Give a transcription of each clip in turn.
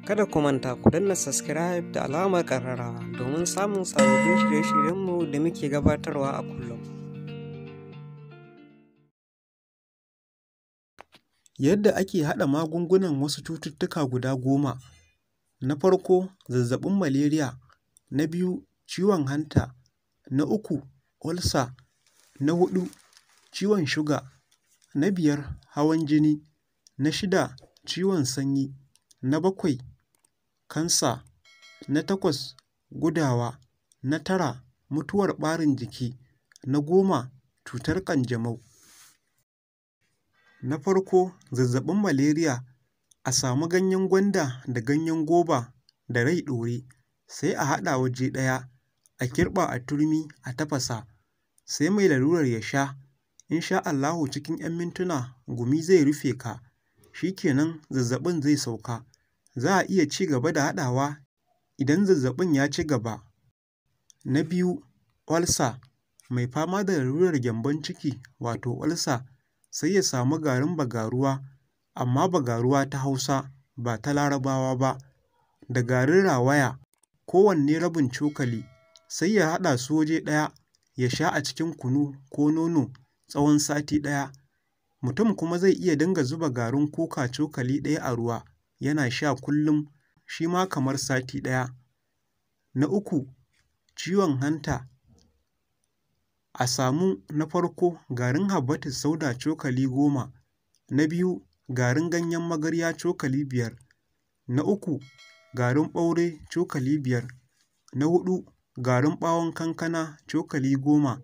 Kada ku manta ku danna subscribe da alamar ƙararrawa domin samun sababbin shirye-shiryenmu da muke gabatarwa a kullum. Yadda ake haɗa magungunan wasu cututtuka guda goma. Na farko, zazzaɓin malaria. Na biyu, ciwon hanta. Na uku, ulsa Na hudu, ciwon shuga. Na biyar, hawan jini. Na shida, ciwon sanyi. Na bakwai, Kansa na takwas gudawa, na tara mutuwar ɓarin jiki, na goma cutar ƙanjamau, na farko zazzaɓin maleriya a samu ganyen gwanda da ganyen goba da rai ɗore, sai a haɗa waje ɗaya, a kirɓa a turmi a tafasa, sai mai lalurar ya sha, in sha Allahu cikin 'yan mintuna gumi zai rufe ka, shi ke nan zazzaɓin zai sauka. za a iya ci gaba da haɗawa idan zazzaɓin ya ci gaba. Na biyu, olsa mai fama da rarurar gyambon ciki wato olsa sai ya samu garin bagaruwa amma bagaruwa ta Hausa ba ta Larabawa ba, da garin rawaya kowanne rabin cokali sai ya haɗa su waje ɗaya ya sha a cikin kunu ko nono tsawon sati ɗaya. Mutum kuma zai iya dinga zuba garin kuka cokali ɗaya a ruwa. yana sha kullum shi ma kamar sati ɗaya. Na uku, ciwon hanta. A samu na farko garin habbatus sauda cokali goma, na biyu garin ganyen magarya cokali biyar, na uku garin ɓaure cokali biyar, na hudu, garin ɓawon kankana cokali goma,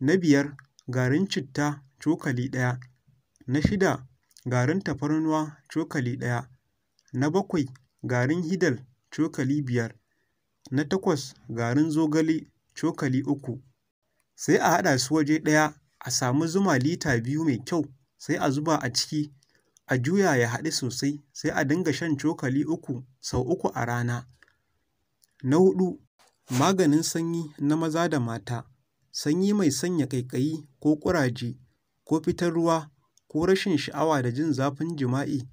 na biyar garin citta cokali ɗaya, na shida garin tafarnuwa cokali ɗaya. Na bakwai garin hidal cokali biyar, na takwas garin zogale cokali uku, sai a haɗa su waje ɗaya a samu zuma lita biyu mai kyau sai a zuba a ciki a juya ya haɗu sosai sai a dinga shan cokali uku sau uku a rana. Na hudu, maganin sanyi na maza da mata, sanyi mai sanya ƙaiƙayi ko ƙuraje ko fitar ruwa ko rashin sha'awa da jin zafin jima'i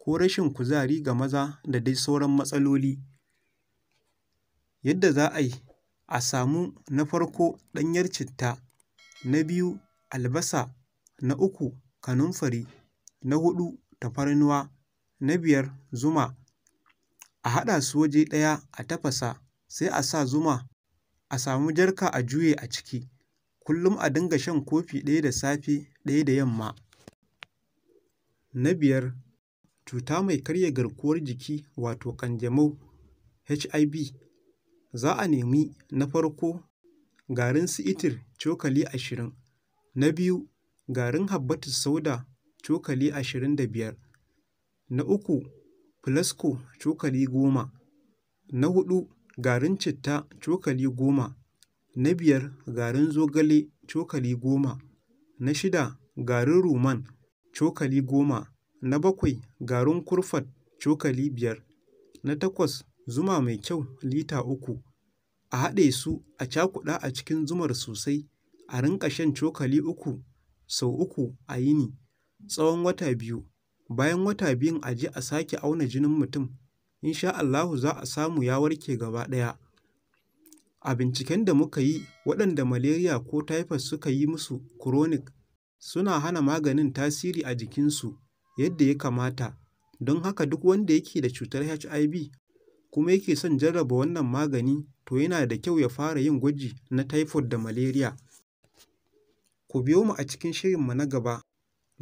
ko rashin kuzari ga maza da dai sauran matsaloli. Yadda za a yi a samu na farko ɗanyar citta, na biyu albasa, na uku kanunfari, na huɗu tafarnuwa, na biyar zuma. A haɗa su waje ɗaya a tafasa sai a sa zuma a samu jarka a juye a ciki. Kullum a dinga shan kofi ɗaya da safe ɗaya da yamma. Na biyar cuta mai karya garkuwar jiki wato kanjamau (HIV), za a nemi, na farko, garin si'itir cokali ashirin, na biyu, garin habbatus sauda cokali ashirin da biyar, na uku, flasco cokali goma, na hudu garin citta cokali goma, na biyar, garin zogale cokali goma, na shida, garin ruman cokali goma. Na bakwai, garin kurfat cokali biyar, na takwas, zuma mai kyau lita uku, a haɗe su a cakuɗa a cikin zumar sosai a rinƙa shan cokali uku sau uku a yini tsawon wata biyu, bayan wata biyun a je a sake auna jinin mutum, in Allahu za a samu ya warke gaba ɗaya. A binciken da muka yi waɗanda malaria ko taifot suka yi musu chronic, suna hana maganin tasiri a jikinsu. yadda ya kamata don haka duk wanda yake da cutar HIV kuma yake son jarraba wannan magani to yana da kyau ya fara yin gwaji na typhoid da malaria. Ku biyo mu a cikin shirin mu na gaba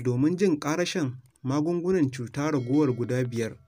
domin jin ƙarashin magungunan cuta ragowar guda biyar.